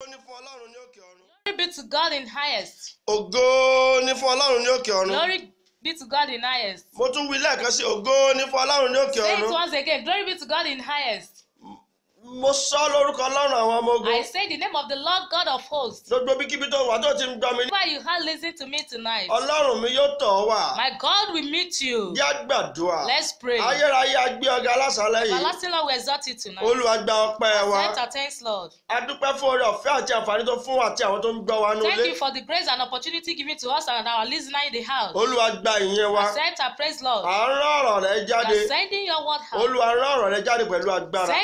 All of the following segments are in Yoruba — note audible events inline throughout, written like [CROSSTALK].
Glory be to God in highest. Ògo ni fún Ọlọ́run ní òkè ọ̀run. Glory be to God in highest. Mo tún wí lẹ́ẹ̀kan sí ògo ni fún Ọlọ́run ní òkè ọ̀run. Say it once again, glory be to God in highest. Mo sọ lórúkọ Ọlọ́run àwọn ọmọ ogun. I say the name of the Lord God of hosts. Gbogbo bí kíbi tó wà tó ti ń gbọ́ mi. Why you had listen to me tonight? Ọlọ́run mi yóò tọ̀ ọ́ wà. My God will meet you. Yá gbàdúrà. Let's pray. Ayérayé agbé ọ̀gá alásàlẹ̀ yìí. Everlasting Lord we exalt you tonight. Olúwa gba ọpẹ́ wa. Accept our thanks Lord. A dúpẹ́ fún oore ọ̀fẹ́ àti àǹfààní tó fún wa àti àwọn tó ń gbọ́ wa nílé. Thank you for the grace and opportunity given to us and our listener in the house. Olúwa ìyẹn wa. Accept our praise Lord. À sending your word out.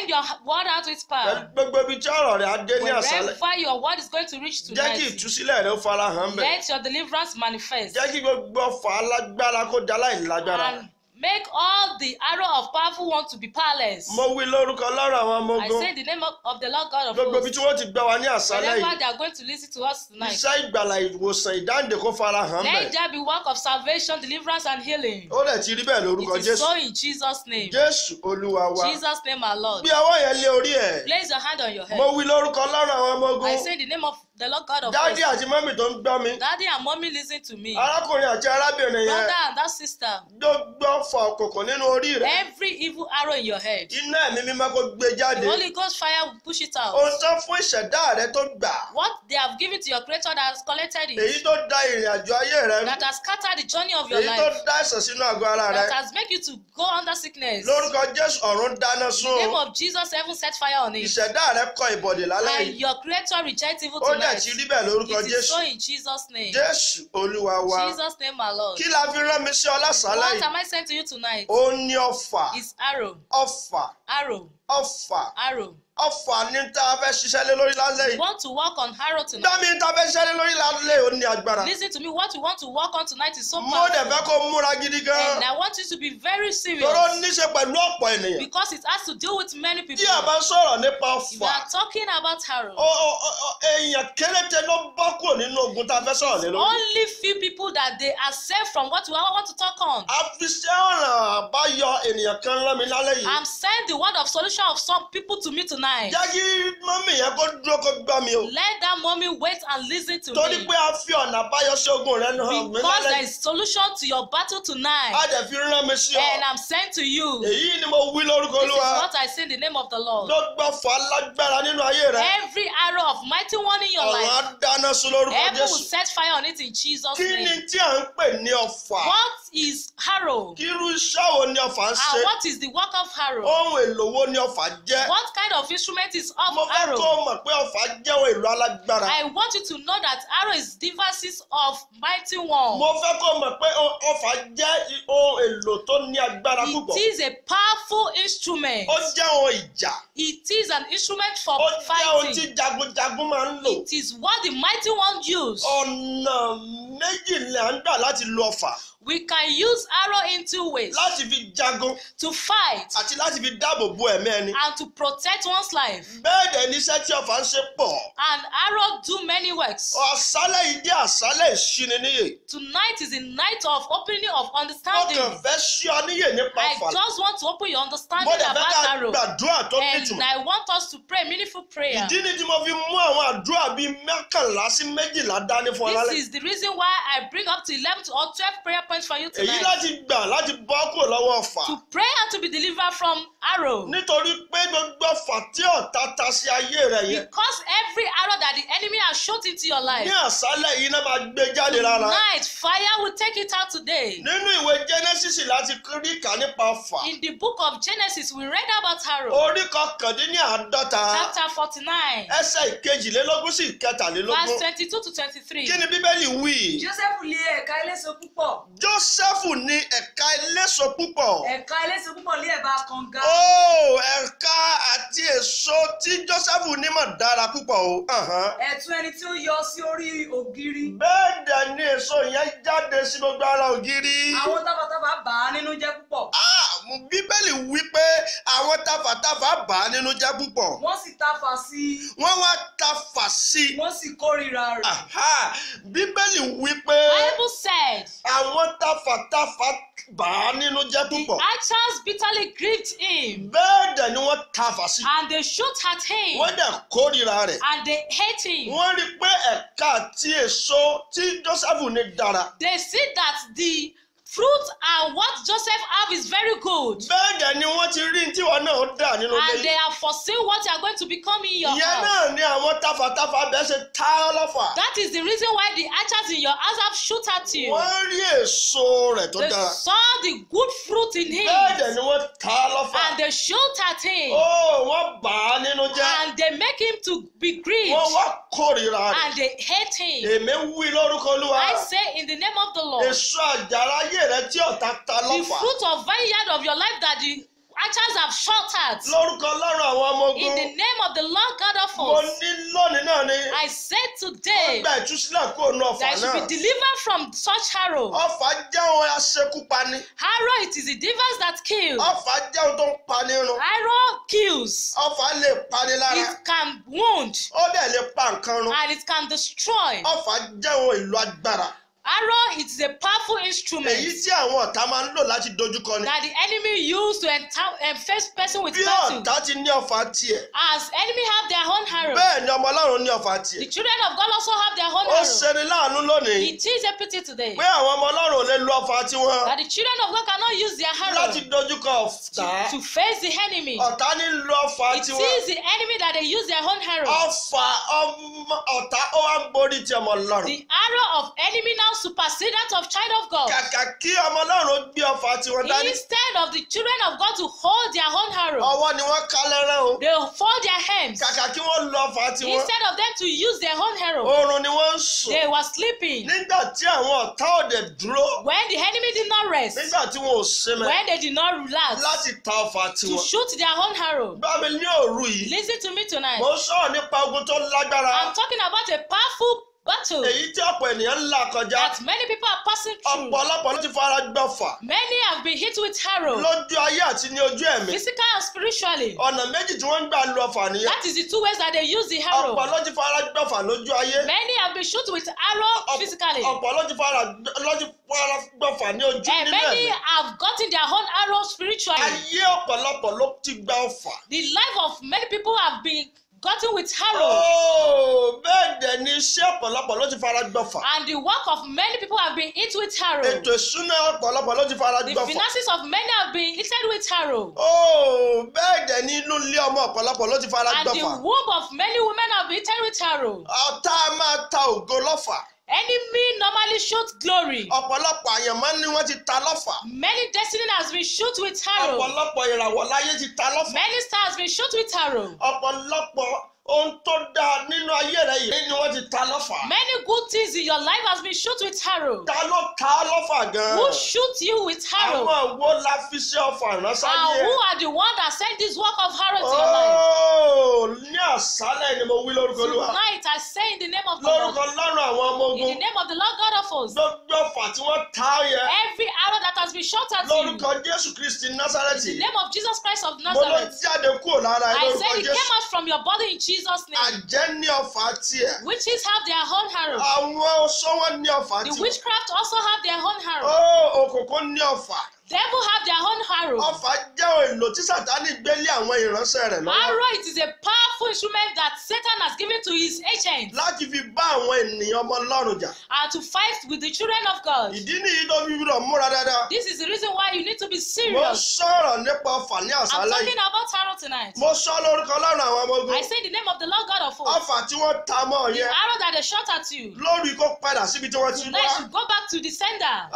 your word out with power. gbogbo ibi tí ọ̀rọ̀ rẹ̀ á dé ní àṣálẹ̀. wherever your word is going to reach tonight. jẹ́ kí ìtúsílẹ̀ rẹ̀ ó farahàn bẹ̀. let your deliverance manifest. jẹ́ kí gbogbo ọfà alágbára kó di aláìlágbára. and Make all the arrow of powerful ones to be powerless. Mo wí lórúkọ lọ́rọ̀ àwọn ọmọ ogun. I say the name of, of the Lord God of hosts. Gbogbo ibi tí wọ́n ti gbà wá ní àṣálẹ́ yìí. Whenever they are going to listen to us tonight. Iṣẹ́ ìgbàlà ìwòsàn ìdáǹdè kó fara hàn mẹ́. Let there be work of salvation, deliverance and healing. Ó lè ti rí bẹ́ẹ̀ lórúkọ Jésù. It is so in Jesus' name. Jésù Olúwa Jesus' name our Lord. Bí ọwọ́ yẹn lé orí ẹ̀. Place your hand on your head. Mo wí lórúkọ lọ́rọ̀ àwọn ọmọ ogun. I say the name of The Lord God of Daddy hosts. Daddy àti mọ́mì tó ń gbọ́ mi. Daddy and mommy listen to me. Arákùnrin àti arábìnrin yẹn. Brother and that sister. Gbogbo fà òkùnkùn nínú orí rẹ. Every evil arrow in your head. Iná ẹ̀mí mímọ́ kó gbé jáde. The Holy Ghost fire will push it out. Ohun tó fún ìṣẹ̀dá rẹ tó gbà. What they have given to your creator that has collected it. Èyí tó da ìrìn àjò ayé rẹ. That has scattered the journey of your life. Èyí tó da ẹ̀sẹ̀ sínú àgọ́ ara rẹ. That has make you to go under sickness. Lórúkọ Jésù ọ̀run dáná sun. In the name of Jesus heaven set fire on it. Ìṣẹ̀dá rẹ kọ ìbọ̀dè lálẹ́ yìí. And your creator reject evil tonight dẹ̀ ti rí bẹ́ẹ̀ lórúkọ Jésù. It is so in Jesus' name. Jésù Olúwa wa. Jesus name my Lord. Kí la fi rán mi sí ọ lásàálẹ̀ yìí? What am I sent to you tonight? Ó ní ọfà. It's arrow. Ọfà. Arrow. Ọfà. Arrow ọfà ni tá a fẹ́ ṣiṣẹ́ lé lórí lálẹ́ yìí. want to work on harrow tonight. dami ta fẹ́ ṣiṣẹ́ lé lórí lálẹ́ yìí ó ní agbára. listen to me what you want to work on tonight is so powerful. mo dẹ̀ fẹ́ kó múra gidi gan. and I want you to be very serious. toro níṣe pẹ̀lú ọ̀pọ̀ ènìyàn. because it has to deal with many people. bí a bá sọ̀rọ̀ nípa ọfà. we are talking about harrow. o o o èèyàn kéréte ló bọ́ kúrò nínú ogun tá fẹ́ sọ̀rọ̀ lé lórí. only few people that they accept from what we want to talk on. a fi ṣe I'm sending the word of solution of some people to me tonight night. jẹ́ kí mọ́mì yẹn kó dúró kó gbà mí o. let that mommy wait and listen to me. torí pé a fi ọ̀nà àbáyọ ṣẹ́gun rẹ náà. because there is solution to your battle tonight. a dẹ̀ fi rán mi sí ọ. and I'm sent to you. èyí ni mo wí lórúkọ olúwa. this is what I say in the name of the Lord. ló gbọ́ fà á nínú ayé rẹ. every arrow of mighty one in your life. àwọn adáná sun lórúkọ Jésù. heaven will set fire on it in Jesus' name. kí ni tí à ń pè ní ọfà? what is harrow? Irú iṣẹ́ wo ni ọfà ń ah, ṣe? And what is the work of harrow? Ohun èlò wo ni ọfà jẹ́? What kind of instrument is of harrow? Mo fẹ́ kó mọ̀ pé ọfà jẹ́ ohun èlò alágbára. I want you to know that harrow is devices of mighty one. Mo fẹ́ kó mọ̀ pé ọfà jẹ́ ohun èlò tó ní agbára púpọ̀. It is a powerful instrument. Ó jẹ́ ohun ìjà. It is an instrument for oh, fighting. Ó jẹ́ ohun tí jagunjagun máa ń lò. It is what the mighty one use. Ọ̀nà méjì ń gbà láti lo ọfà. We can use arrow in two ways. Láti fi jagun. To fight. Àti láti fi dáàbò bo ẹ̀mí ẹni. And to protect one's life. Bẹ́ẹ̀ dẹ̀ ni iṣẹ́ ọ̀fà ń ṣe pọ̀. And arrow do many works. Àṣálẹ̀ yìí dé àṣálẹ̀ ìṣininíyè. Tonight is the night of opening of understanding. Mo fẹ́ ṣí ọ níyè nípa fà. I just want to open your understanding about arrow. Mo dẹ̀ fẹ́ ká gbàdúrà tó nítumọ̀. And I want us to pray meaningful prayer. Ìdí ni tí mo fi mú àwọn àdúrà bíi mẹ́kànlá sí méjìlá dání fún ọ This is the reason why I bring up to eleven or twelve prayer points happens for you tonight. èyí láti gbà láti bọ́ kúrò lọ́wọ́ ọ̀fà. to pray and to be delivered from arrow. nítorí pé gbogbo ọfà ọ̀tá ta sí ayé rẹ yẹn. because every arrow that the enemy has shot into your life. ní àṣálẹ̀ yìí náà máa gbé jáde rárá. tonight fire will take it out today. nínú ìwé Genesis láti rí kà nípa ọfà. in the book of Genesis we read about arrow. orí kọkàndínláàádọ́ta. chapter forty-nine. ẹsẹ̀ ìkejìlélógún sí ìkẹtàlélógún. verse twenty-two to twenty-three. kí ni bíbélì wí. joseph lé ẹ̀ka eléso púpọ̀. joseph ní ẹ̀ka eléso púpọ̀. ẹ̀ka eléso púpọ̀ lé ẹ̀bá kànga. ó ó oh, ẹ̀ka àti èso tí Jósẹ́fù nímọ̀ dára púpọ̀ o. ẹ̀tún ẹni tí ó yọ sí orí ògiri. bẹ́ẹ̀ dẹ̀ ni èso yẹn jáde sí gbogbo ara ògiri. àwọn tafàtafà bà á nínú jẹ́ púpọ̀. Ah, bíbélì wí pé àwọn tafàtafà bà á nínú jẹ́ púpọ̀. wọ́n sì tafà sí i. wọ́n wá tafà sí i. wọ́n sì kórìíra rẹ̀. bíbélì wí pé. Bible said. àwọn tafàtafà bà á nínú jẹ́ púpọ̀. the actions bitterly grieved him him. bẹ́ẹ̀ dẹ̀ ni wọ́n ta fàṣí. and they shoot at him. wọ́n dẹ̀ kórìíra rẹ̀. and they hate him. wọ́n rí i pé ẹ̀ka àti èso tí Joseph ní dára. they see that the fruit and what Joseph have is very good. bẹ́ẹ̀ dẹ̀ ni wọ́n ti rí tí wọn náà dà nínú ilé. and they have foreseen what you are going to become in your house. ìyẹn náà ni àwọn tafàtafà bẹ́ẹ̀ ṣe tá ọlọ́fà. that is the reason why the archers in your house have shoot at you. wọ́n rí èso rẹ̀ tó dáa. they saw the good fruit in him. bẹ́ẹ̀ dẹ̀ ni wọ́n tá ọlọ́fà. and they shoot at him. oh wọ́n bà á nínú jẹ́. and they make him to be great. wọ́n wá kórìíra rẹ̀. and they hate him. èmi wí lórúkọ olúwa. I say in the name of the Lord. èso àjàrà yẹ rẹ tí ọ̀tá ta lọ́fà. the fruit of vineyard of your life that the archers have shot at. lórúkọ ọlọ́run àwọn ọmọ ogun. in the name of the Lord God of hosts. mo ní lónìí náà ni. I said today. wọ́n gba ìtúsílẹ̀ kó nu ọ̀fà náà. that you be delivered from such harrow. ọ̀fà jẹ́ ohun aṣekúpani. harrow it is the devils that kill. ọ̀fà jẹ́ ohun tó ń pani run. harrow kills. ọ̀fà lè pani lára. it can wound. ó dẹ̀ lè pa nǹkan run. and it can destroy. ọ̀fà jẹ́ ohun ìlú agbára. Arrow is a powerful instrument. Èyí tí àwọn ọ̀tá máa ń lò láti dojúkọ ni. That the enemy use to eh, face person with battle. Bí ọ̀tá ti ní ọfà tiẹ̀. As enemy have their own arrow. Bẹ́ẹ̀ ni ọmọ Ọlọ́run ní ọfà tiẹ̀. The children of God also have their own arrow. Ó ṣeni láàánú lónìí. It is a pity today. Pé àwọn ọmọ Ọlọ́run ò lè lo ọfà tiwọn. That the children of God cannot use their arrow. Láti dojúkọ ọ̀tá. To, face the enemy. Ọ̀tá ní lo ọfà tiwọn. It is the enemy that they use their own arrow. Ọfà ọ̀tá ó wá ń borí ti ọmọ Ọlọ́run. The arrow of enemy now shall supersede that of child of God. kàkà kí ọmọ ọlọ́run gbé ọfà tiwọn dání. instead of the children of God to hold their own arrow. ọwọ́ ni wọ́n ká lẹ́rán o. they fold their hands. kàkà kí wọ́n lo ọfà tiwọn. instead of them to use their own arrow. oorun ni wọ́n ń sùn. they were sleeping. nígbà tí àwọn ọ̀tá òde dúró. when the enemy did not rest. nígbà tí wọn ò sinmi. when they did not relax. láti ta ọfà tiwọn. to shoot their own arrow. bá mi ní òru yìí. listen to me tonight. mo sọ̀rọ̀ nípa ogun tó lágbára. I'm talking about a powerful battle. èyí tí ọ̀pọ̀ ènìyàn ń là kọjá. that many people are passing through. ọ̀pọ̀lọpọ̀ ló ti fara gbọ́fà. many have been hit with arrow. lójú ayé àti ní ojú ẹ̀mí. physical and spiritually. ọ̀nà méjì tí wọ́n ń gbà lu ọfà nìyẹn. that is the two ways that they use the arrow. ọ̀pọ̀ ló ti fara gbọ́fà lójú ayé. many have been shot with arrow physically. ọ̀pọ̀ ló ti fara gbọ́fà ní ojú eh, nílẹ̀. and many have gotten their own arrow spiritually. ayé ọ̀pọ̀lọpọ̀ ló ti gbà ọfà. the life of many people have been gotten with harrow. Oh, bẹ́ẹ̀ dẹ̀ ni iṣẹ́ ọ̀pọ̀lọpọ̀ ló ti fara gbọ̀fà. And the work of many people have been hit with harrow. Ètò ìṣúná ọ̀pọ̀lọpọ̀ ló ti fara gbọ̀fà. The finances of many have been hit with harrow. Oh, bẹ́ẹ̀ dẹ̀ ni inú ilé ọmọ ọ̀pọ̀lọpọ̀ ló ti fara gbọ̀fà. And the womb of many women have been hit with harrow. Ọ̀tá máa ta ògo lọ́fà. Enemy normally shoot glory. Ọ̀pọ̀lọpọ̀ àyànmọ́ ni wọ́n ti ta lọ́fà. Many destiny has been shoot with arrow. Ọ̀pọ̀lọpọ̀ ìràwọ̀ láyé ti ta lọ́fà. Many stars been shoot with arrow. Ọ̀pọ̀lọpọ̀ ohun tó dáa nínú ayé rẹ yìí ni wọ́n ti ta lọ́fà. many good things in your life has been shot with arrow. ta ló ta lọ́fà gan. who shoot you with arrow. àwọn wo la fi ṣe ọfà ránṣẹ́ yẹn. and who are the one that send this work of arrow to your life. ooo oh, ní àṣálẹ̀ ni mo wí lórúkọ olúwa. tonight I say in the name of the Lord. lórúkọ lọ́rùn àwọn ọmọ ogun. in the name of the Lord God of hosts. gbogbo ọfà tí wọ́n ta yẹn. every arrow that has been shot at lórúkọ you. lórúkọ Jésù Kristi Nazareti. in the name of Jesus Christ of Nazareth. mo ló jáde kúrò lára ẹ lórúkọ Jésù. I say he came out from your body in Jesus. Jesus' name. Witches have their own arrow. Àwọn oṣó wọn ní ọfà tiẹ̀. The witchcraft also have their own arrow. Oh, Ó òkòkò ní ọfà. Devil have their own arrow. Ọfà jẹ́ èlò tí Sátánì gbé lé àwọn ìránṣẹ́ rẹ̀ lọ́wọ́. Arrow it is a powerful instrument that Satan has given to his agents. Láti fi bá àwọn ènìyàn ọmọ Ọlọ́run jà. And to fight with the children of God. Ìdí nìyí ló fi rọ̀ múra dáadáa. This is the reason why you need to be serious. Mo sọ̀rọ̀ nípa ọfà ní àṣálẹ́ I'm talking about arrow tonight. Mo sọ lórúkọ Ọlọ́run àwọn ọmọ ogun. I say the name of the Lord God of hosts. Ọfà tí wọ́n ta mọ́ ọ yẹn. The arrow that they shot at you. Lórí kó padà síbi tí wọ́n ti wá. go back to the sender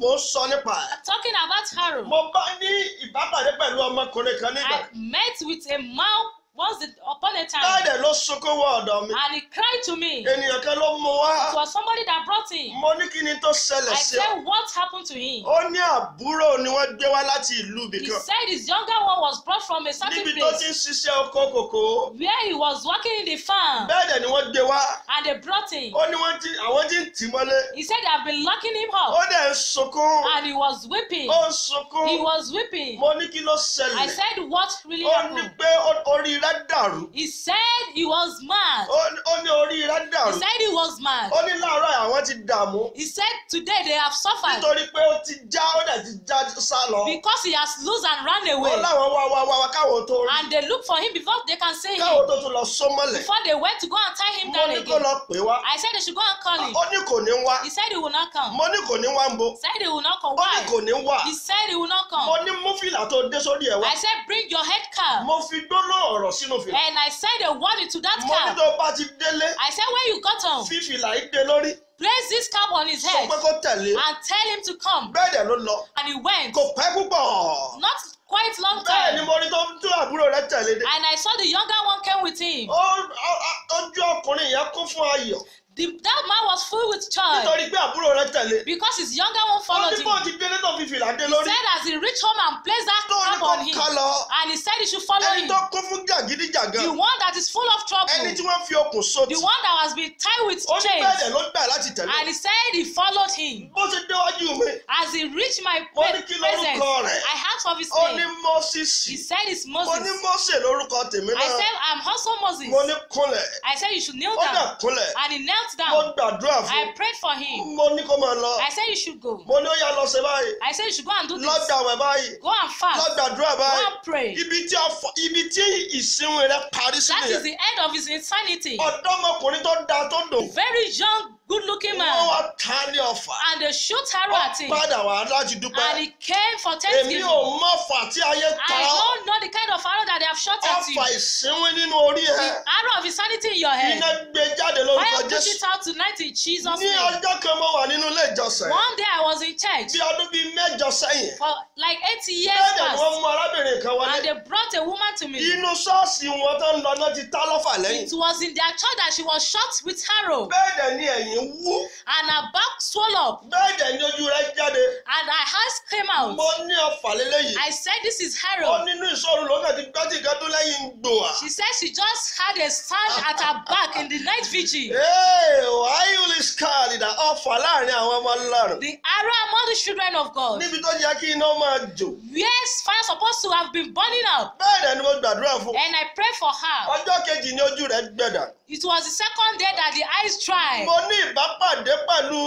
mo sọ nípa ẹ̀. talking about Harun. mo bá ní ìbápàdé pẹ̀lú ọmọkùnrin kan nígbà. I met with a man once the, upon a time. Láìdẹ̀ ló sunkún wọ ọ̀dọ̀ mi. and he cried to me. ènìyàn kan ló mú wá. it was somebody that brought him. mo ní kí ni tó ṣẹlẹ̀ sí ọ. I said what happened to him. ó ní àbúrò ni wọ́n gbé wá láti ìlú ibì he said his younger one was brought from a certain place. níbi tó ti ń ṣiṣẹ́ oko kòkó. where he was working in the farm. bẹ́ẹ̀dẹ̀ ni wọ́n gbé wá. and they brought him. ó ní wọ́n ti àwọn ti ń tì mọ́lé. he said they have been locking him up. ó dẹ̀ ń sunkún. and he was weeping. ó ń sunkún. he was weeping. mo ní kí ló ṣẹlẹ̀. I said what really happened. ó ní pé orí rẹ̀ dàrú. he said he was mad. ó ní orí rẹ̀ dàrú. he said he was mad. ó ní láàárọ̀ àwọn ti dààmú. he said today they have suffered. nítorí pé ó ti já ó dẹ̀ ti já sá lọ. because he has lose and ran away. ó láwọn wá wá wá káwọn tó rí. and they look for him before they can say him. káwọn tó tún lọ sọmọlẹ̀. before they went to go and tie him down again. mo lọ pè wá. I said they should go and call him. ó ní kò ní wá. he said he will not come. mo ní wá ń bo. said he will not come. why? ó ní kò ní wá. he said he will not come. mo ní mú tó dé sórí ẹ̀ wá. I said bring your head cap. mo fi gbóló ọ̀rọ̀ sínú fìlà. and I said a warning to that cap. mo ní tó ti délé. I said when you got home. fi fìlà yìí dé lórí. Place this cap on his head. sọ pé kó tẹ̀lé. and tell him to come. bẹ́ẹ̀ dẹ̀ ló lọ. and he went. kò pẹ́ púpọ̀. not quite long time. bẹ́ẹ̀ ni mo rí tó ń tún àbúrò rẹ̀ tẹ̀lé. and I saw the younger one came with him. ó ó ojú ọkùnrin yẹn kún fún ayọ̀. The, that man was full with joy. nítorí pé àbúrò rẹ̀ tẹ̀lé. because his younger one followed him. ó ní bọ́ọ̀dì bíẹ́lẹ́ náà fi lórí. he said as he reached home and placed that no, cap on him. lọ. and he said he should follow him. ẹni tó kún fún jàgídíjàgan. the one that is full of trouble. ẹni tí wọ́n fi okùn so the one that has been tied with chains. ó ní bẹ́ẹ̀ ló gbà láti tẹ̀lé. and he said he followed him. bó ṣe déwájú mi. as he reached my presence. I asked for his name. ó ní Moses. he said it's Moses. ó ní Mose lórúkọ tèmi náà. I said I'm also Moses. mo ní kúnlẹ̀. I said you should kneel down. and he knelt knelt down. mo gbàdúrà fún. I prayed for him. mo ní kó máa lọ. I said you should go. mo ní ó yá lọ ṣe báyìí. I said you should go and do this. lọ gbàwẹ̀ báyìí. go and fast. lọ gbàdúrà báyìí. go and pray. ibi tí ọfọ ibi tí ìsinmi rẹ parí sí nìyẹn. that is the end of his insanity. ọ̀dọ́mọkùnrin tó da tó dò. very young good looking man. wọ́n ta ní ọfà. and they shoot arrow at him. ó padà láti dúpẹ́. and he came for thanksgiving. èmi ò mọ ọfà tí ayé ta. I don't know the kind of arrow that they have shot at you. ọfà ìsínwín nínú orí ẹ. the arrow of insanity in your head. iná gbé jáde lórúkọ Jésù. I am pushing it out tonight in Jesus name. ní ọjọ́ kan mo wà nínú ilé ìjọsìn. one day I was in church. bí ọdún bíi mẹ́jọ sẹ́yìn. for like eighty years past. bẹ́ẹ̀ wọ́n mú arábìnrin kan wọlé. and they brought a woman to me. inú ṣọ́ọ̀ṣì wọn tó ń lọ náà ti tá lọ́fà lẹ́yìn. it was in their church that she was shot with arrow. bẹ́ẹ̀ ni ẹ̀yìn wú. and her back swell up. bẹ́ẹ̀ ni ojú rẹ̀ jáde. and her eyes came out. mo ní ọ̀fà lélẹ́yìn. I said this is arrow. ó nínú ìṣòro lọ́nà tí gbọ́dọ̀ gbọ́dọ̀ lẹ́yìn gbòà. she said she just had a stand at her back in the night vigil. ee wàá yúlí scar ìdá ọ̀fà láàrin àwọn ọmọ ọlọ́run. the arrow among the children of God. níbi tó yẹ kí iná ọmọ máa jò. where fire supposed to have been burning up. bẹ́ẹ̀ dẹ̀ ni mo gbàdúrà fún. and I pray for her. ọjọ́ kejì ni ojú rẹ̀ gbẹ̀dà. it was the second day that the ice dried. mo ní ìbápàdé pẹ̀lú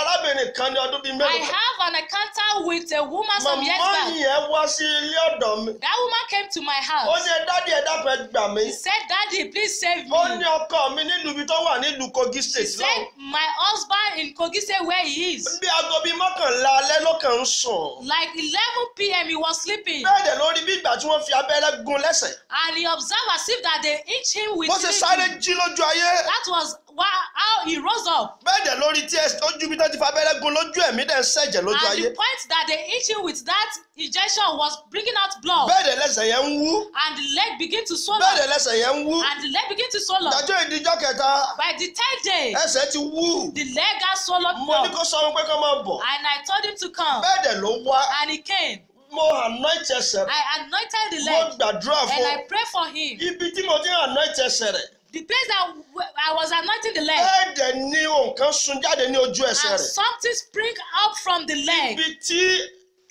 arábìnrin kan ní ọdún bíi mélòó. I have have an encounter with a woman some years back. màmá yẹn wá sí ilé ọ̀dọ̀ mi. that woman came to my house. ó ní ẹ dákun ẹ gbà mí. he said daddy please save me. ó ní ọkọ mi nílùú ibi tó wà nílùú Kogi State. he said my husband in Kogi State where he is. bí aago bíi mọ́kànlá alẹ́ ló kàn ń sùn. like eleven pm he was sleeping. bẹ́ẹ̀ lórí bí ìgbà tí wọ́n fi abẹ́rẹ́ gún lẹ́sẹ̀. and he observed as if that they hit him with. bó ṣe sáré jí lójú ayé. that was wá how he rose up. bẹ́ẹ̀ dẹ̀ lórí tí ojú bí tó ti gun lójú ẹ̀mí dẹ̀ ń ṣẹ̀jẹ̀ lójú ayé. and the point that the hit with that injection was bringing out blood. bẹ́ẹ̀ dẹ̀ lẹ́sẹ̀ yẹn ń wú. and the leg begin to swollen. bẹ́ẹ̀ dẹ̀ lẹ́sẹ̀ yẹn ń wú. and the leg begin to swollen. dájọ́ ìdíjọ́ kẹta. by the third day. ẹsẹ̀ ti wú. the leg has swollen up. mo ní kó sọ wọn pé kó máa bọ̀. and I told him to come. bẹ́ẹ̀ dẹ̀ ló wá. and he came mo anoint ẹsẹ̀ I anointed the leg. mo gbàdúrà fún. and I pray for him. ibi tí mo ti anoint ẹsẹ̀ rẹ̀ the place that I was anointing the leg. ẹ̀ẹ́dẹ̀ ni nǹkan sun jáde ní ojú ẹsẹ̀ rẹ̀. and something spring up from the leg. ibi tí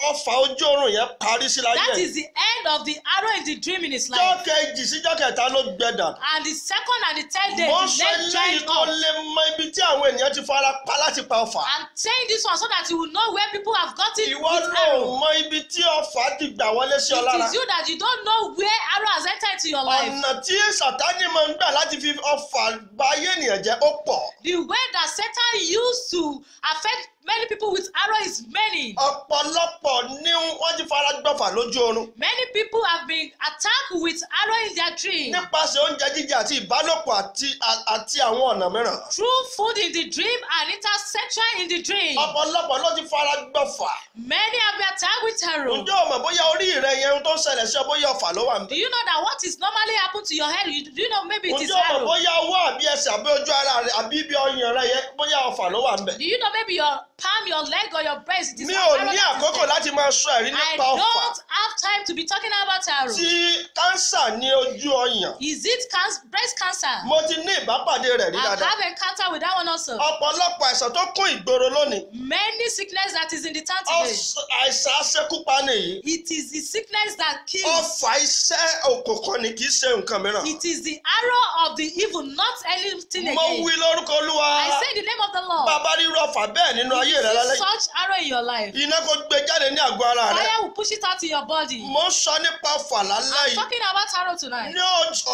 ọfà ojú oorun yẹn parí sí láyé. that is the end of the arrow in the dream in his life. jọ́kẹ́jì sí jọ́kẹ́ta ló gbẹ̀dà. and the second and the third day the leg dried up. mo ṣe ní ìkọlẹ̀ mọ ibi tí àwọn ènìyàn ti fara pa láti pa ọfà. I'm saying this one so that you will know where people have gotten with arrow. ìwọ ló mọ ibi tí ọfà ti gbà wọlé sí ọ lára. it is you that you don't know where arrow has entered into your life. ọ̀nà tí sàtáni máa ń gbà láti fi ọfà bà ayé ènìyàn jẹ́ ó pọ̀. the way that Satan used to affect many people with arrow is many. ọ̀pọ̀lọpọ̀ ni wọ́n ti fara gbọ́fà lójú oorun. many people have been attacked with arrow in their dreams. nípasẹ̀ oúnjẹ jíjẹ àti ìbálòpọ̀ àti àti àwọn ọ̀nà mìíràn. through food in the dream and intersection in the dream. ọ̀pọ̀lọpọ̀ ló ti fara gbọ́fà. many have been attacked with arrow. ǹjẹ́ o mọ̀ bóyá orí rẹ yẹn ohun tó ń ṣẹlẹ̀ sí ọ bóyá ọ̀fà ló wà do you know that what is normally happen to your head do you know maybe it is arrow. ǹjẹ́ o mọ̀ bóyá ọwọ́ àbí ẹsẹ̀ àbí ojú ara rẹ àbí ibi ọyàn rẹ yẹn bóyá ọ̀fà ló wà níbẹ̀. do you know maybe your palm your leg or your breast. mi ò ní àkókò láti máa sọ ẹ̀rí nípa ọ̀fà. I don't time to be talking about taro. ti kánsà ní ojú ọyàn. is it can breast cancer. mo ti ní ìbápàdé rẹ̀ rí dáadáa. I have encounter with that one also. ọ̀pọ̀lọpọ̀ àìsàn tó kún ìgboro lónìí. many sickness that is in the town today. àìsàn aṣekúpa nìyí. it is the sickness that kills. ọfà iṣẹ́ òkùnkùn ni kì í ṣe nǹkan mìíràn. it is the arrow of the evil not anything again. mo wí lórúkọ olúwa. I say the name of the Lord. bàbá rírọ̀ ọfà bẹ́ẹ̀ nínú ayé rẹ̀ lálẹ́. such arrow in your life. iná kò gbé jáde ní àgọ́ ara rẹ̀. fire will push it out in your body mo ń sọ nípa ọfà lálẹ́ yìí. I'm talking about arrow tonight. ní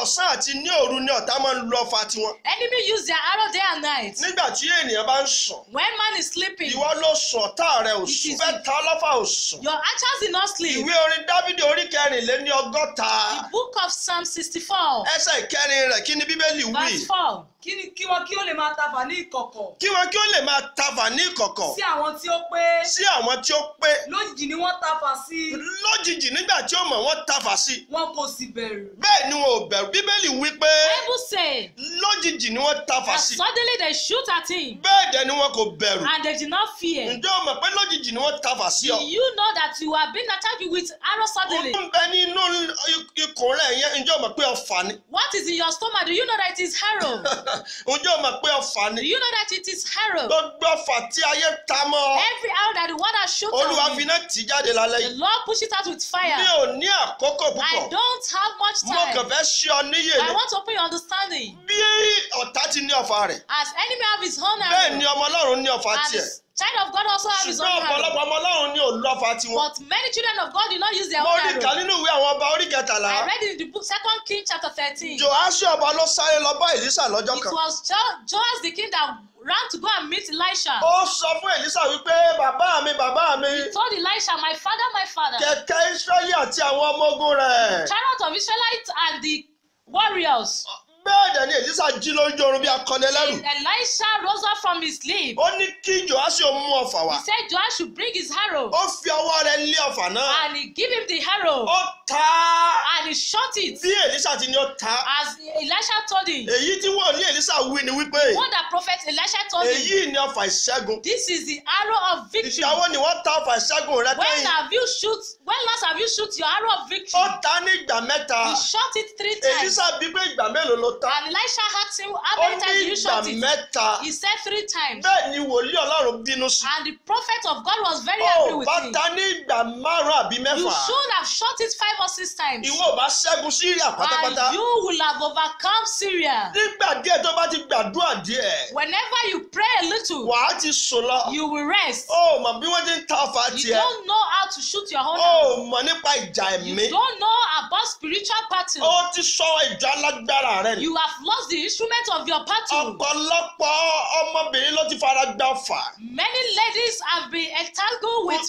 ọ̀sán àti ní òru ni ọ̀tá máa ń lo ọfà tiwọn. enemy use their arrow day and night. nígbà tí ènìyàn bá ń sùn. when man is sleeping. ìwọ ló sùn ọ̀tá rẹ ò sùn bẹ́ẹ̀ ta ọlọ́fà ò sùn. your archers did not sleep. ìwé orin dávidi orí kẹrìnléní ọgọ́ta. the book of Psalm sixty-four. ẹsẹ̀ ìkẹrin rẹ̀ kí ni bíbélì wí. verse four kí ni kí wọn kí ó lè máa tafà ní ìkọ̀kọ̀. kí wọn kí ó lè máa tafà ní ìkọ̀kọ̀. sí àwọn tí ó pé. sí àwọn tí ó pé. lójijì ni wọ́n tafà sí. lójijì nígbà tí ó mọ̀ wọ́n tafà sí. wọn kò sì bẹ̀rù. bẹ́ẹ̀ ni wọn ò bẹ̀rù bíbélì wí pé. bible say. lójijì ni wọ́n tafà sí. and suddenly they shoot at him. bẹ́ẹ̀ dẹ̀ ni wọn kò bẹ̀rù. and they did not fear. ǹjẹ́ o mọ̀ pé lójijì ni wọ́n tafà sí ọ. you know that you are being attacked with arrow suddenly. ó ń bẹ nínú ikùn rẹ̀ yẹn ǹjẹ́ o mọ̀ pé ọfà ni. what is in your stomach do you know that it is arrow. [LAUGHS] ǹjẹ́ o mọ̀ pé ọfà ni. you know that it is arrow. gbogbo ọfà tí ayé ta mọ́. every hour that the water has shot on me. olúwa fi iná tì jáde lálẹ́ yìí. the Lord push it out with fire. mi ò ní àkókò púpọ̀. I don't have much time. mo kàn fẹ́ ṣe ọ níyè ni. I want to open your understanding. bí ọ̀tá ti ní ọfà rẹ̀. as enemy have his own arrow. bẹ́ẹ̀ ni ọmọ ọlọ́run ní ọfà tiẹ̀. as child of God also have his own arrow. ṣùgbọ́n ọ̀pọ̀lọpọ̀ ọmọ Ọlọ́run ní òlọ́fà tiwọn. but many children of God do not use their own arrow. mo rí kà nínú ìwé àwọn ọba orí kẹtàlá. I read in the book second king chapter thirteen. joasi ọba ló sáré lọ bá Èlíṣà lọ́jọ́ kan. it was Jo joas the king that ran to go and meet Elisha. ó sọ fún Elisa wípé bàbá mi bàbá mi. he told Elisha my father my father. kẹ̀kẹ́ Israeli àti àwọn ọmọ ogun rẹ̀. chariot of Israelites and the warriors. Uh, bẹ́ẹ̀ dẹ̀ ni èlísà jí lójú oorun bí akọni ẹlẹ́rù. Elisha rose up from his sleep. ó ní kí Joaṣu mú ọfà wá. he said Joaṣu bring his arrow. ó fi ọwọ́ rẹ̀ lé ọfà náà. and he give him the arrow. ó ta. and he shot it. bí Èlíṣà ti ní ó ta. as Elisha told him. èyí tí wọ́n ní Èlíṣà wí ni wípé. what that prophet Elisha told him. èyí ni ọfà ìṣẹ́gun. this is the arrow of victory. ìṣàwọ́ ni wọ́n ta ọfà ìṣẹ́gun rẹ kẹ́yìn. when have you shoot when last have you shoot your arrow of victory. ó ta ní ìgbà mẹ́ta. he shot it three times. Èlíṣà bí pé ìgbà mélòó ló ta. and Elisha asked him how many times did you shot it. ó ní ìgbà mẹ́ta. he said three times. bẹ́ẹ̀ ni wòlíì Ọlọ́run bínú sí. and the prophet of God was very oh, angry with him. ó bá ta ní ìgbà márùn-ún àbí mẹ́fà. you should have shot it five persistent. ìwọ ò bá ṣẹ́gun Syria pátápátá. and you will have overcome Syria. nígbà díẹ̀ tó bá ti gbàdúrà díẹ̀. whenever you pray a little. wàá ti sùn lọ. you will rest. o mà bí wọ́n ti ń ta ọfà tiẹ̀. you don't know how to shoot your own arrow. mọ̀ nípa ìjà ẹ̀mí. you don't know about spiritual battle. o ti sọ ìjà alágbára rẹ. you have lost the instrument of your battle. ọ̀pọ̀lọpọ̀ ọmọbìnrin ló ti fara gbá ọfà. many ladies have been entangled with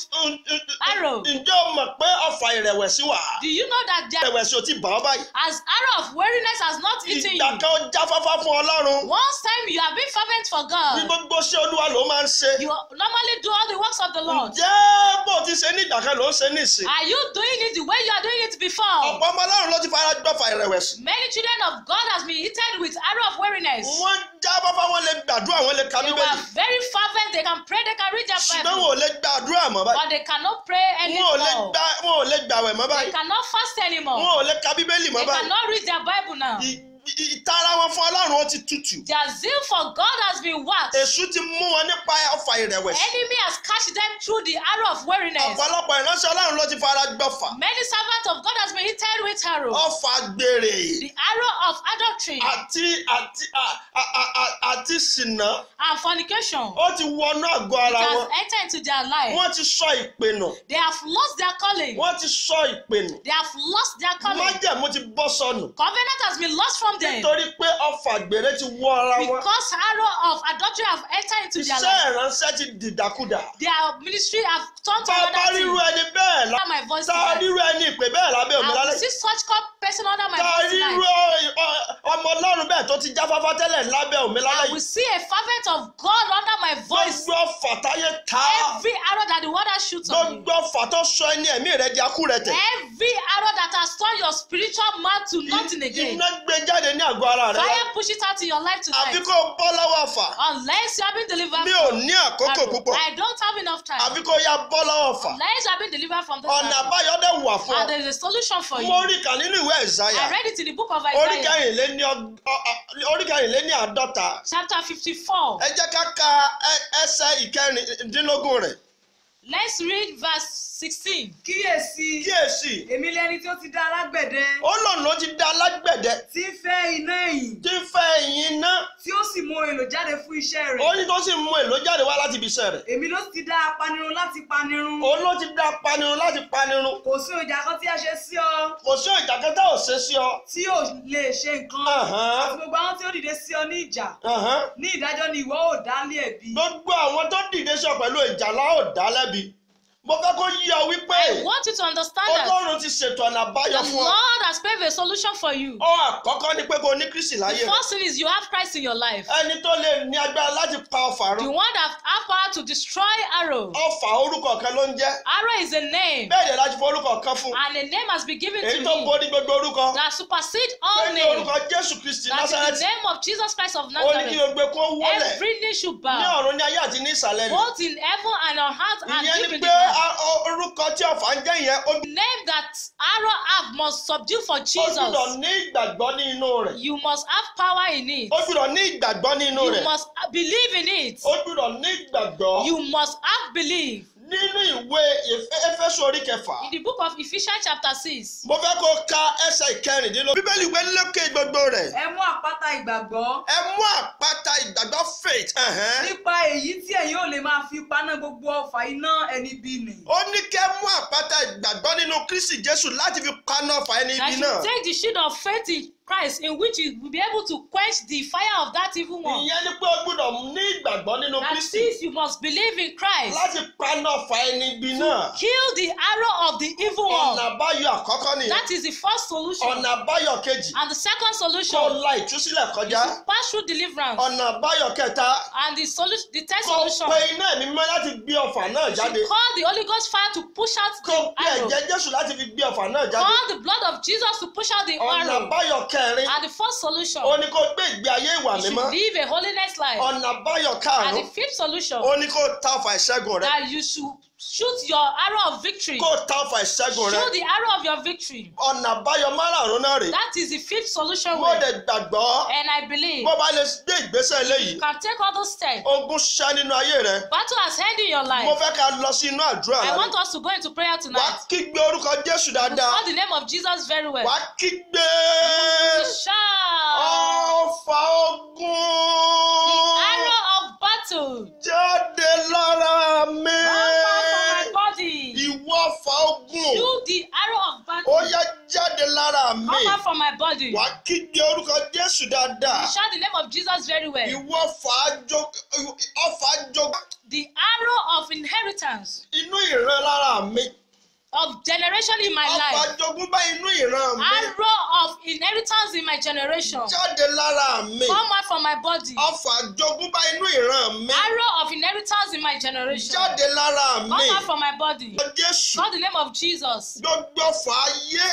arrow. ǹjẹ́ o mọ̀ pé ọfà ìrẹ̀wẹ̀sì wà? do you know that there. ìrẹ̀wẹ̀sì ò ti bà báyìí. as arrow of weariness has not eaten you. ìgbà jáfáfá fún ọlọ́run. once time you have been fervent for God. ní gbogbo ṣé olúwa ló máa ń ṣe. you normally do all the works of the Lord. ǹjẹ́ bó ti ṣe ní ìgbà ló ń ṣe ní ìsìn. are you doing it the way you are doing it before. ọ̀pọ̀ ọmọ ọlọ́run ló ti fara gbọ́fà ìrẹ̀wẹ̀sì. many children of God has been eaten with arrow of weariness. wọ́n jáfáfá wọn lè gbàdúrà wọn lè ka bíbélì. they were very fervent they can pray they can read their Bible. but they cannot pray anymore cannot fast anymore. wọn ò lè ka bíbélì mọ́ báyìí. they cannot read their bible now. I, ìtara wọn fún ọlọ́run ó ti tutù. their zeal for God has been waxed. èṣù ti mú wọn nípa ọfà ìrẹ̀wẹ̀sì. enemy has catched them through the arrow of weariness. ọ̀pọ̀lọpọ̀ ìránṣẹ́ ọlọ́run ló ti fara gbọ́fà. many servants of God has been hit with arrows. ọfà gbèrè. the arrow of adultery. àti àti àti ṣìnà. and fornication. ó ti wọnú àgọ́ ara wọn. it has entered into their life. wọ́n ti sọ ìpinnu. they have lost their calling. wọ́n ti sọ ìpinnu. they have lost their calling. májẹ̀mú ti bọ́ sọnù. covenant has been lost from them. nítorí pé ọfà àgbèrè ti wọ ara wọn. because arrow of adultery have entered into their life. iṣẹ́ ìránṣẹ́ ti dìdàkudà. their ministry have turned to another thing. bàbá ríru ẹni bẹ́ẹ̀ la. ta ríru ẹni ìpè bẹ́ẹ̀ lábẹ́ òmìnira lẹ́yìn. i see such person under my voice tonight. ta ríru ọmọ ọlọ́run bẹ́ẹ̀ tó ti jáfáfá tẹ́lẹ̀ lábẹ́ òmìnira will see a fervent of God under my voice. gbogbo ọfà táyé ta. every arrow that the water shoots on me. gbogbo ọfà sọ ẹni ẹ̀mí rẹ di akúrẹ̀tẹ̀. every arrow that has torn your spiritual man to nothing again. iná gbé jáde ní àgọ́ ara rẹ. fire push it out in your life tonight. àfi kó bọ́ lọ́wọ́ ọfà. unless you have been delivered. mi ò ní àkókò púpọ̀. I don't have enough time. àfi kó ya bọ́ lọ́wọ́ ọfà. unless you have been delivered from this. ọ̀nà àbáyọ dẹ̀ wà fún ọ. and there is a solution for you. mo rí kà nínú ìwé Isaiah. I read it in the book of Isaiah. oríkẹrìnléní àádọ́ta chapter fifty-four. ẹ jẹ́ ká ka ẹsẹ̀ ìkẹrìndínlógún rẹ̀. let's read verse sixteen. kíyèsí. kíyèsí. èmi lẹni tí ó ti da alágbẹ̀dẹ. ó lọ́nà ó ti da alágbẹ̀dẹ. Ti ń fẹ́ iná ẹ̀yìn. tí ń fẹ́ ẹ̀yìn iná. tí ó sì mú èlò jáde fún iṣẹ́ rẹ̀. ó ní tó sì mú èlò jáde wá láti ibi iṣẹ́ rẹ̀. èmi ló ti dá apanirun láti panirun. òun ló ti dá apanirun láti panirun. kò sí ìjà kan tí a ṣe sí ọ. kò sí ìjà kan tá ò ṣe sí ọ. tí ò lè ṣe nǹkan. gbogbo àwọn tí ó dìde sí ọ ní ìjà. ní ìdájọ́ ni ìwọ ò dá lẹ́bi. gbogbo àwọn tó dìde sí ọ pẹ̀lú ìjà lá ò dá lẹ́bi mo fẹ́ kó yí ọ wípé. I want you to understand that. Ọlọ́run ti ṣètò ọ̀nà àbáyọ fún ọ. The Lord has paved a solution for you. Ọ àkọ́kọ́ ni pé kò ní Kristi láyé. The first thing is you have Christ in your life. Ẹni tó lè ní agbára láti pa ọfà run. The one that have power to destroy arrow. Ọfà orúkọ kan ló ń jẹ́. Arrow is a name. Bẹ́ẹ̀ ni láti fọ orúkọ kan fún. And a name has been given to me. Èyí tó borí gbogbo orúkọ. That supersede all names. Bẹ́ẹ̀ ni orúkọ Jésù Kristi Nazareth. That is the name of Jesus Christ of Nazareth. Ó ní kí gbogbo kó wọlé. Every knee should bow. Ní ọ̀run ní ayé in heaven and on earth and deep orúkọ tí ọ̀fà ń jẹ́ yẹn. name that arrow have must subdue for Jesus. o gbọ́dọ̀ ní ìgbàgbọ́ ní inú rẹ̀. you must have power in it. o gbọ́dọ̀ ní ìgbàgbọ́ ní inú rẹ̀. you must believe in it. o gbọ́dọ̀ ní ìgbàgbọ́. you must have belief nínú ìwé Éfésù orí kẹfà. in the book of Ephesians chapter six. mo fẹ́ kó ka ẹsẹ̀ ìkẹrìndínlógún. bíbélì ìwé lókè gbogbo rẹ̀. ẹ mú àpáta ìgbàgbọ́. ẹ mú àpáta ìgbàgbọ́ faith. nípa èyí tí ẹ̀yin ò lè máa fi paná gbogbo ọfà iná ẹni bí ni. ó ní kẹ́ mú àpáta ìgbàgbọ́ nínú Kristi Jésù láti fi paná ọfà ẹni bí náà. that you take the shield of faith Christ in which you will be able to quench the fire of that evil one. ìyẹn ni pé o gbọ́dọ̀ ní ìgbàgbọ́ nínú Kristi. that means you must believe in Christ. láti paná ọ̀fà ẹni ibi náà. to kill the arrow of the evil one. ọ̀nà àbáyọ àkọ́kọ́ nìyẹn. that is the first solution. ọ̀nà àbáyọ kejì. and the second solution. kó la ìtúsílẹ̀ kọjá. is to pass through deliverance. ọ̀nà àbáyọ kẹta. and the solution the third solution. kó pe iná ẹ̀mí mímọ́ láti gbé ọ̀fà náà jáde. to call the Holy Ghost fire to push out the arrow. kó pe ẹ̀jẹ̀ Jésù láti fi gbé ọ̀fà náà jáde. call the blood of Jesus to push out the arrow. ọ̀nà àbáyọ kẹrin. and the first solution. ó ní kó gbé ìgbé ayé ìwà mímọ́. you should live a holiness life. ọ̀nà àbáyọ karùn and the fifth solution. ó ní kó ta ọfà ìṣẹ́gun rẹ. that you should shoot your arrow of victory. kó o ta ọfà ìṣẹ́gun rẹ. shoot the arrow of your victory. ọ̀nà àbáyọ márààrún náà rè. that is the fifth solution way. mo dẹ̀ gbàgbọ́. and I believe. bó bá lè gbé ìgbésẹ̀ eléyìí. you can take all those steps. ogun ṣẹ́ nínú ayé rẹ. battle has ended your life. mo fẹ́ ká lọ sí inú àdúrà rẹ. I want us to go into prayer tonight. wàá kígbe orúkọ Jésù dáadáa. We call the name of Jesus very well. wàá kígbe. ọfà ogun. the arrow of battle. jáde lára mi. ọmọ ọfà ogun. do the arrow of battle. ó yá jáde lára mi. come out from my body. wàá kígbe orúkọ Jésù dáadáa. you shout the name of Jesus very well. ìwọ ọfà ọfà jogún. the arrow of inheritance. inú ìran lára mi of generation in my life. ọkọ̀ àjogúnbá inú ìran mi. arrow of inheritance in my generation. jáde lára mi. come out from my body. ọfọ̀ àjogúnbá inú ìran mi. arrow of inheritance in my generation. jáde lára mi. come out from my body. Jésù. God the name of Jesus. gbogbo ọfọ̀ ayé.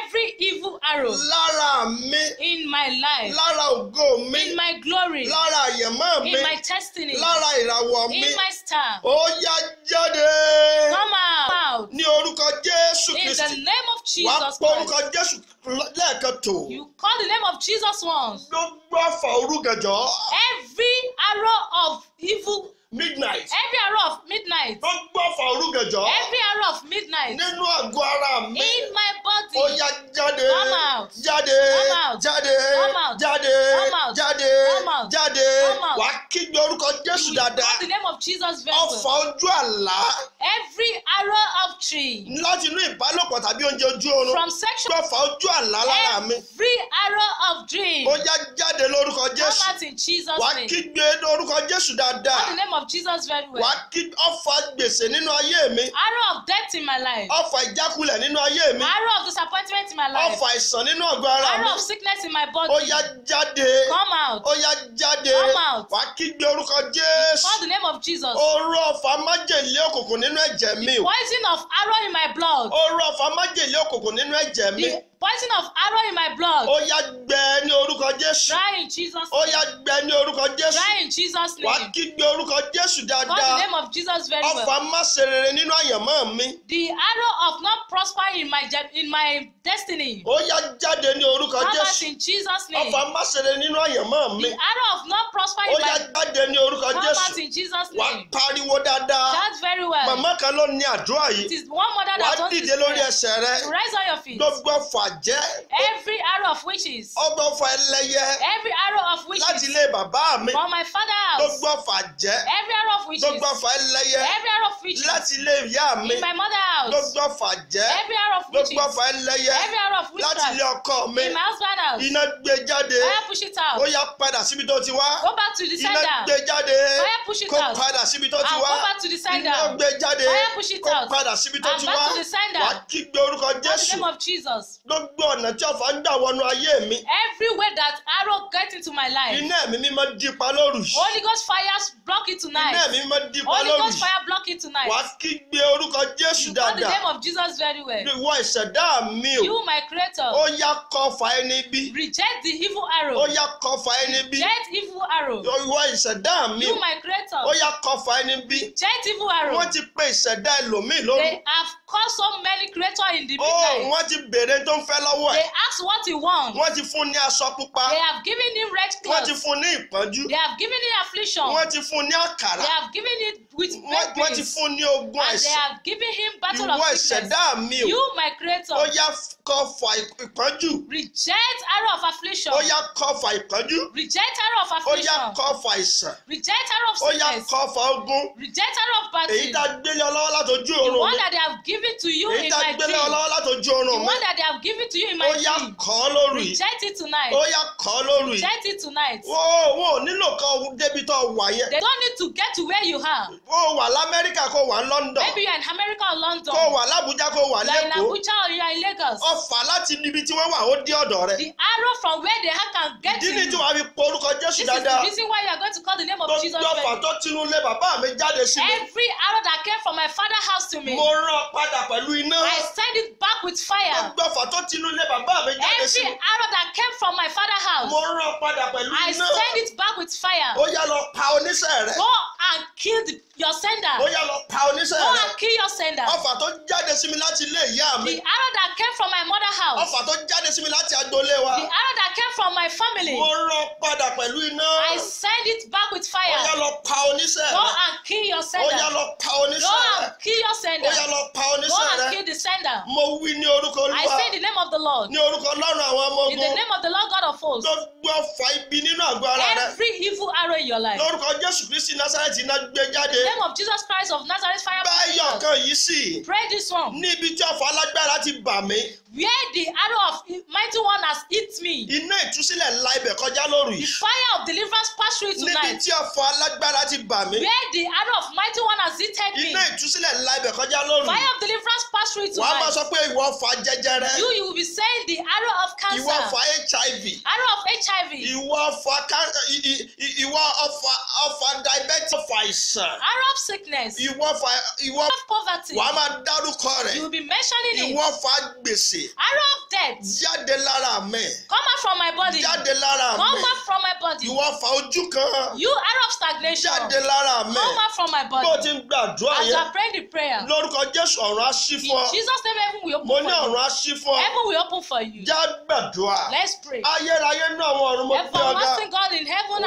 Every evil arrow. Lára mi. In my life. Lára ògo mi. In my glory. Lára àyẹ̀mọ́ mi. In my destiny. Lára ìràwọ̀ mi. In my star. Ó yá jáde. Come out. Ní orúkọ Jésù Kristi. In the name of Jesus Christ. Wàá pọ orúkọ Jésù lẹ́ẹ̀kan tó. You call the name of Jesus once. Gbogbo àfà orúkẹjọ. Every arrow of evil midnight. every hour of midnight. tó ń gbọ́ fà orúgànjọ́. every hour of midnight. nínú àgọ́ ara mi. in my body. ó yá jáde. come out. jáde. come out. jáde. come out. jáde. come out. jáde. come out. jáde. come out. wà á kígbe orúkọ Jésù dáadáa. you know the name of Jesus very well. ọfà ojú àlá. every arrow of tree. láti inú ìbálòpọ̀ tàbí oúnjẹ ojú oorun. from sexual. gbọ́fà ojú àlá lára mi. every arrow of dream. ó yá jáde lórúkọ Jésù. come out in Jesus name. wà á kígbe lórúkọ Jésù dáadáa. what the name of of Jesus very well. wàá kí ọfà gbèsè nínú ayé mi. arrow of death in my life. ọfà ìjákulẹ̀ nínú ayé mi. arrow of disappointment in my life. ọfà ìsàn nínú ọgbà ara mi. arrow of sickness in my body. ó jáde. come out. ó jáde. come out. wàá kígbe orúkọ Jésù. call the name of Jesus. oró ọfà májèlé òkùnkùn nínú ẹ̀jẹ̀ mi. the poison of arrow in my blood. oró ọfà májèlé òkùnkùn nínú ẹ̀jẹ̀ mi. the poison of arrow in my blood. ó yá gbẹ ní orúkọ jésù. dry in Jesus name. ó yá gbẹ ní orúkọ jésù. dry in Jesus name. wàá kígbe orúkọ jésù dáadáa. call the name of Jesus very well. ọfà má ṣe nínú àyànmọ́ mi. the arrow of not prospering in my in my destiny. ó yá jáde ní orúkọ jésù. come out in Jesus name. ọfà má ṣe nínú àyànmọ́ mi. the arrow of not prospering in my. ó yá jáde ní orúkọ jésù. come out in Jesus name. wàá pariwo dáadáa. that's very well. màmá kan ló ní àdúrà yìí. it is one mother that don't. this prayer. wàá dìde lórí ẹsẹ̀ rẹ. to rise on your feet. gbogbo fàáj ìbàjẹ́. every arrow of witches. ó fọ ẹlẹ́yẹ. every arrow of witches. láti ilé bàbá mi. from my father house. ló gbọ́ fà every arrow of witches. ló gbọ́ fà every arrow of witches. láti ilé ìyá mi. in my mother house. ló gbọ́ fà every arrow of witches. ló gbọ́ fà every arrow of witches. láti ilé ọkọ mi. in my husband house. iná gbé jáde. fire push it out. ó yá padà síbi tó ti wá. go back to the sender. iná gbé jáde. fire push it out. kó padà síbi tó ti wá. and go back to the sender. iná gbé jáde. fire push it out. kó padà síbi tó ti wá. and back to the sender. wàá kígbe orúkọ Jésù. in the name of Jesus gbogbo ọ̀nà tí ọ̀fà ń dà wọnú ayé mi. every that arrow get into my life. iná ẹ̀mí mímọ́ dípa lóru. holy ghost fire block it tonight. iná ẹ̀mí mímọ́ dípa lóru. holy ghost fire block it tonight. wàá kígbe orúkọ Jésù dáadáa. you know the name of Jesus very well. ìwọ ìṣẹ̀dá mi o. you my creator. ó yá kọfà ẹni bí. reject the evil arrow. ó yá kọfà ẹni bí. reject evil arrow. ìwọ ìṣẹ̀dá mi o. you my creator. ó yá kọfà ẹni bí. reject evil arrow. wọ́n ti pe ìṣẹ̀dá ẹlòmíì lóru. they have caused so many creators in the oh, midnight. oh wọ́n ti bèrè tó ń fẹ́ lọ́wọ́ ẹ̀. they ask what you want. wọ́n ti fún ní aṣọ pupa. they have given him red cloth. wọ́n ti fún ní ìpọ́njú. they have given him affliction. wọ́n ti fún ní àkàrà. they have given it with babies. wọ́n ti fún ní ogun ẹ̀ṣẹ̀. and they have given him battle of sickness. ìwọ ìṣẹ̀dá mi o. you my creator. ó yá kọ́ fà ìpọ́njú. reject arrow of affliction. ó yá kọ́ fà ìpọ́njú. reject arrow of affliction. ó yá kọ́ fà ìsàn. reject arrow of sickness. ó yá kọ́ fà ogun. reject arrow of battle. èyí tá a gbélé ọlọ́wọ́ látọjú oorun mi. the one that they have given to you in my dream. èyí tá a gbélé ọlọ́wọ́ látọjú oorun mi. the one that they have given give it to you in my sleep. ó yá kọ́ lórí. reject it tonight. ó yá kọ́ lórí. reject it tonight. wo wo nílò kan débi tó wà yẹn. they don't need to get to where you are. ó wà lamẹ́ríkà kó wà London. maybe you are in America or London. kó wà l'Abuja kó wà lẹ́kọ̀ọ́. you in Abuja or you are in Lagos. ọfà láti níbi tí wọ́n wà ó dé ọ̀dọ̀ rẹ. the arrow from where the are can get to you. ìdí ni tí wàá fi porúkọ Jésù dáadáa. this is the reason why you are going to call the name of Jesus. gbogbo ọfà tó tinú lé bàbá mi jáde sí mi. every arrow that came from my father house to me. mo rán padà pẹ̀lú iná. I send it back with fire. gbogbo ọfà tó tinú ilé bàbá mi jáde sí. every arrow that came from my father house. mo rán padà pẹ̀lú iná. I send it back with fire. ó yá lọ pa oníṣẹ́ rẹ̀ and kill the, your sender. ó lọ pa oníṣẹ́ rẹ. go and kill your sender. ọfà tó jáde sí mi láti ilé ìyá mi. the arrow that came from my mother house. ọfà tó jáde sí mi láti agboolé wa. the arrow that came from my family. mo rán padà pẹ̀lú iná. I send it back with fire. ó lọ pa oníṣẹ́ rẹ. go and kill your sender. ó lọ pa oníṣẹ́ rẹ. go and kill your sender. ó lọ pa oníṣẹ́ rẹ. go and kill the sender. mo wí ní orúkọ olúwa. I say the name of the Lord. ní orúkọ ọlọ́run àwọn ọmọ ogun. in the name of the Lord God of hosts. gbogbo ọfà ibi nínú àgọ́ ara rẹ. every evil arrow in your life. lórúkọ Jésù Kristi Násárẹ́tì. Nazareth iná gbé jáde. the name of Jesus Christ of Nazareth fire by Jesus. bẹ́ẹ̀ yọ̀kan yìí sì. pray this one. níbi tí ọ̀fọ̀ alágbára ti bà mí. where the arrow of mighty one has hit me. iná ìtúsílẹ̀ la ibẹ̀ kọjá lóru yìí. the fire of deliverance pass through tonight. níbi tí ọ̀fọ̀ alágbára ti bà mí. where the arrow of mighty one has hit me. iná ìtúsílẹ̀ la ibẹ̀ kọjá lóru yìí. fire of deliverance pass through tonight. wàá máa sọ pé ìwọ ọ̀fà jẹjẹrẹ. you you will be saying the arrow of cancer. ìwọ ọ̀fà HIV. arrow of HIV. ìwọ ọ̀fà ìwọ ọfà ọfà diabetes ọfà àìsàn. Arab sickness. Ìwọ ọfà ìwọ. Arab poverty. Wàá máa dárúkọ rẹ̀. You will be mentioning it. Ìwọ ọfà gbèsè. Arab debt. Jáde lára mi. Come out from my body. Jáde lára mi. Come out from my body. Ìwọ ọfà ojú kan. You Arab stagnation. Jáde lára mi. Come out from my body. Bó o ti ń gbàdúrà yẹn. As I pray the prayer. Lórúkọ Jésù ọ̀run á ṣí fún ọ. In Jesus name heaven will open for you. Mo ní ọ̀run á fún ọ. Heaven will open for you. Já gbàdúrà. Let's pray. Ayérayé náà wọn ọ̀run mo gbé ọ̀gá. Everlasting God in heaven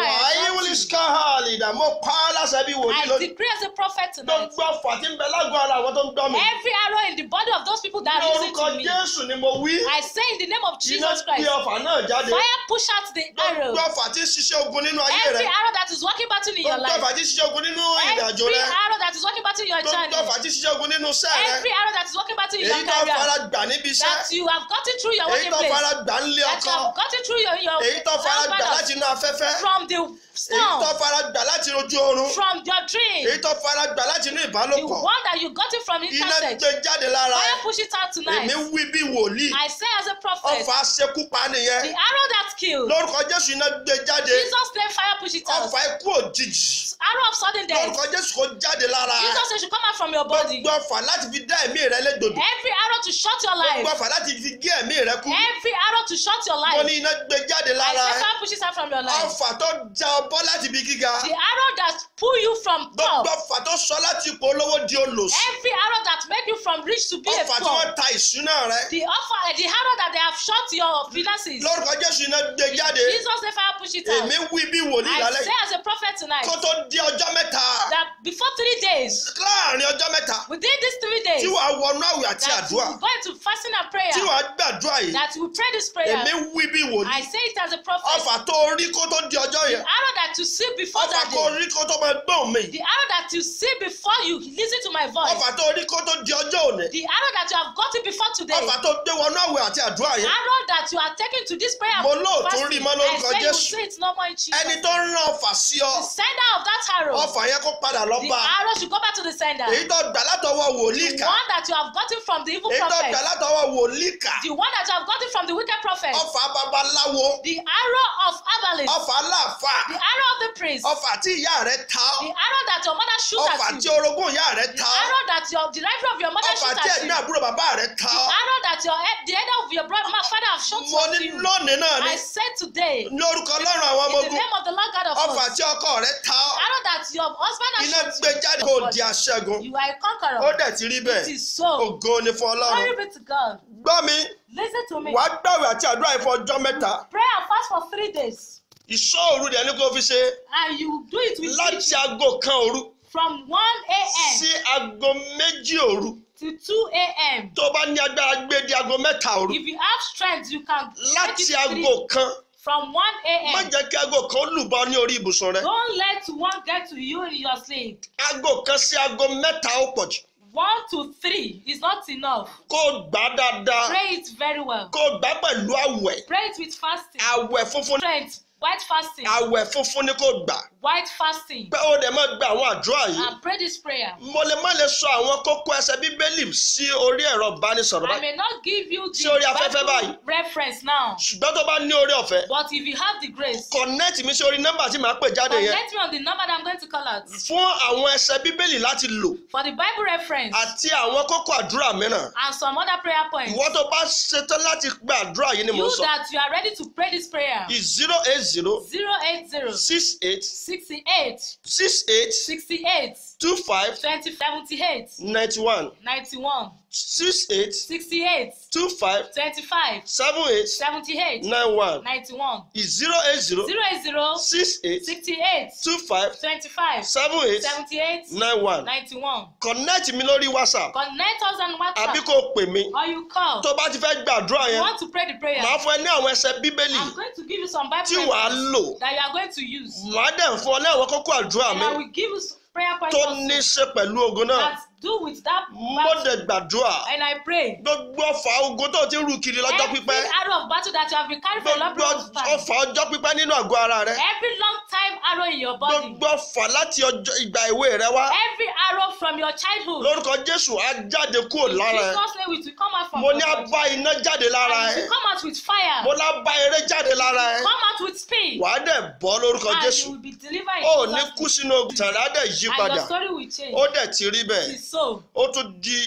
iskaha alida mo pa á wòlíì lónìí. I declare as a prophet tonight. tó gbọ́ fàtí ń ara àwọn tó ń gbọ́ mi. Every arrow in the body of those people that no, to me. ní Jésù ni mo wí. I say in the name of Jesus Christ. iná gbé ọfà náà jáde. Fire push out the arrow. tó gbọ́ fàtí ṣiṣẹ́ ogun nínú ayé rẹ. Every arrow that is working battle in your life. tó gbọ́ fàtí ṣiṣẹ́ ogun nínú ìrìnàjò rẹ. Every arrow that is working battle in your journey. tó gbọ́ fàtí ṣiṣẹ́ ogun nínú iṣẹ́ rẹ. Every arrow that is working battle in your career. èyí tó fara gbà níbi iṣẹ́. that you have gotten through your working place. èyí tó fara gbà ń ọkọ. that you have gotten through your your. from the èyí tó fara gbà láti ojú oorun. from your dream. èyí tó fara gbà láti inú ìbálòpọ̀. the one that you got it from internet. iná gbé jáde lára. fire push it out tonight. èmi wí bí wòlíì. I say as a prophet. ọfà ṣekú pa nìyẹn. the arrow that killed. lórúkọ Jésù iná gbé jáde. Jesus name fire push it out. ọfà ikú òjijì. arrow of sudden death. lórúkọ Jésù kò jáde lára. Jesus say should come out from your body. gbogbo ọfà láti fi dá ẹ̀mí rẹ légbodò. every arrow to shut your life. gbogbo ọfà láti fi gé ẹ̀mí rẹ kú. every arrow to shut your life. mo ní iná gbé jáde lára. I say fire push it out from your life. ọfà tó já ọ bọ́ láti ibi gíga. the arrow that pull you from top. gbogbo ọfà tó sọ láti ipò olówó di olòṣì. every arrow that make you from rich to be a poor. ọfà tí wọ́n ta ìṣúná rẹ. the offer the arrow that they have shot your finances. lórúkọ Jésù iná gbé jáde. Jesus say fire push it out. èmi wí bí wòlíì lálẹ́. I say as a prophet tonight. kó tó di ọjọ́ mẹ́ta. that before three days. láàrin ọjọ́ mẹ́ta. within these three days. tí wàá wọnú àwẹ̀ àti àdúrà. that you go into fasting and prayer. tí wàá gbàdúrà yìí. that you pray this prayer. èmi wí bí wòlíì. I say it as a prophet. ọfà tó rí kó tó di ọjọ́ yẹn. the arrow that you see before you. ọfà tó rí kó máa gbọ́n mi. the arrow that you see before you listen to my voice. ọfà tó rí kó di ọjọ́ òní. the arrow that you have gotten before today. ọfà tó dé wọnú àwẹ̀ àti àdúrà yẹn. the arrow that you are taking to this prayer. mo lóò tún rí mọ́ lórúkọ Jésù. I say you see it no more ẹni tó ń rán ọfà sí ọ. the sender of that arrow. ọfà yẹn kó padà lọ bá. the arrow should go back to the sender. èyí tó gbà látọwọ́ wòlíì the one that you have gotten from the evil prophet. èyí tó gbà látọwọ́ wòlíì the one that you have gotten from the wicked prophet. ọfà babaláwo. the arrow of herbalist. ọfà aláàfà. the arrow of the prince. ọfà tí ìyá rẹ ta the arrow that your mother shoot at you. ọfà tí orogún ìyá rẹ ta the arrow that your the rifle of your mother shoot at you. ọfà tí ẹ̀gbọ́n àbúrò bàbá rẹ ta the arrow that your the head of your brother father have shot at you. mo ní lónìí náà ni. I said today. lórúkọ ọlọ́run àwọn ọmọ ogun. in the name of the Lord God of hosts. ọfà tí ọkọ rẹ ta the arrow that your husband has shot at you. iná gbé jáde kò di aṣẹ́gun. you are a conqueror. ó dẹ̀ ti rí bẹ́ẹ̀. it is so. ògo ni fún ọlọ́run. glory be to God. gbọ́ mi. listen to me. wàá gbàwé àti àdúrà yìí fún ọjọ́ mẹ́ta. pray and fast for three days ìṣọ́ òru rẹ̀ ní kó fi ṣe. and you do it with. láti aago kan òru. from one a.m. sí aago méjì òru to two a.m. tó bá ní agbára gbé di aago mẹ́ta òru. if you have strength you can. láti aago kan. from one a.m. má jẹ́ kí aago kan lùbọ́ ní orí ibùsùn rẹ. don't let one get to you in your sleep. aago kan sí aago mẹ́ta ó pọ̀ jù. one to three is not enough. kó gbà dáadáa. pray it very well. kó gbà pẹ̀lú àwẹ̀. pray it with fasting. àwẹ̀ funfun. strength white fasting. àwẹ̀ funfun ni kò gbà white fasting. pé o dẹ̀ máa gba àwọn àdúrà yìí. and pray this prayer. mo lè má lè sọ àwọn kókó ẹsẹ̀ bíbélì sí orí ẹ̀rọ ìbánisọ̀rọ̀ báyìí. I may not give you the sí Bible reference now. ṣùgbọ́n tó bá ní orí ọ̀fẹ́. but if you have the grace. connect mi sí orí nọ́mbà tí màá pè jáde yẹn. connect me on the number that I'm going to call out. fún àwọn ẹsẹ̀ bíbélì láti lò. for the Bible reference. àti àwọn kókó àdúrà mìíràn. and some other prayer points. ìwọ tó bá ṣetán láti gba àdúrà yìí ni mo sọ. you that you are ready to pray this prayer. is zero eight zero. zero eight zero. six eight sixty-eight. six eight. sixty-eight. two five. seventy-eight. ninety-one. ninety-one six eight. sixty eight. two five. twenty five. seven eight. seventy eight. nine one. ninety one. is zero eight zero. zero eight zero. six eight. sixty eight. two five. twenty five. seven eight. seventy eight. nine one. ninety one. connect mi lórí whatsapp. connect us on whatsapp. àbí kò pè mí. or you call. tó bá ti fẹ́ gbàdúrà yẹn. you want to pray the prayer. màá fún ẹ ní àwọn ẹsẹ bíbélì. i'm going to give you some bible verses. tí wàá lò. that you are going to use. màá dẹ̀ fún ọ ní àwọn kókó àdúrà mi. and i will give you prayer points. tó ní í ṣe pẹ̀lú ogun náà. that do with that. mo dẹ̀ gbàdúrà. and I pray. gbogbo ọfà ogun tó ti rù kiri lọ́jọ́ pípẹ́. every arrow of battle that you have been carrying for a long period of time. gbogbo ọfà ọjọ́ pípẹ́ nínú àgọ́ ara rẹ. every long time arrow in your body. gbogbo ọfà láti ìgbà ìwé rẹ wá. every arrow from your childhood. lórúkọ Jésù á jáde kúrò lára ẹ. Jesus name come out from your body. mo ní a bá iná jáde lára ẹ. come out with fire. mo lá bá eré jáde lára ẹ. come out with speed. wà á dẹ̀ bọ́ lórúkọ Jésù. and Jesus name. ó ní kú sínú ogun tàrà yí padà. and your story will change. ó dẹ̀ ti rí bẹ́ẹ̀ so. ó tún di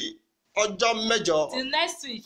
ọjọ́ mẹ́jọ. till next week.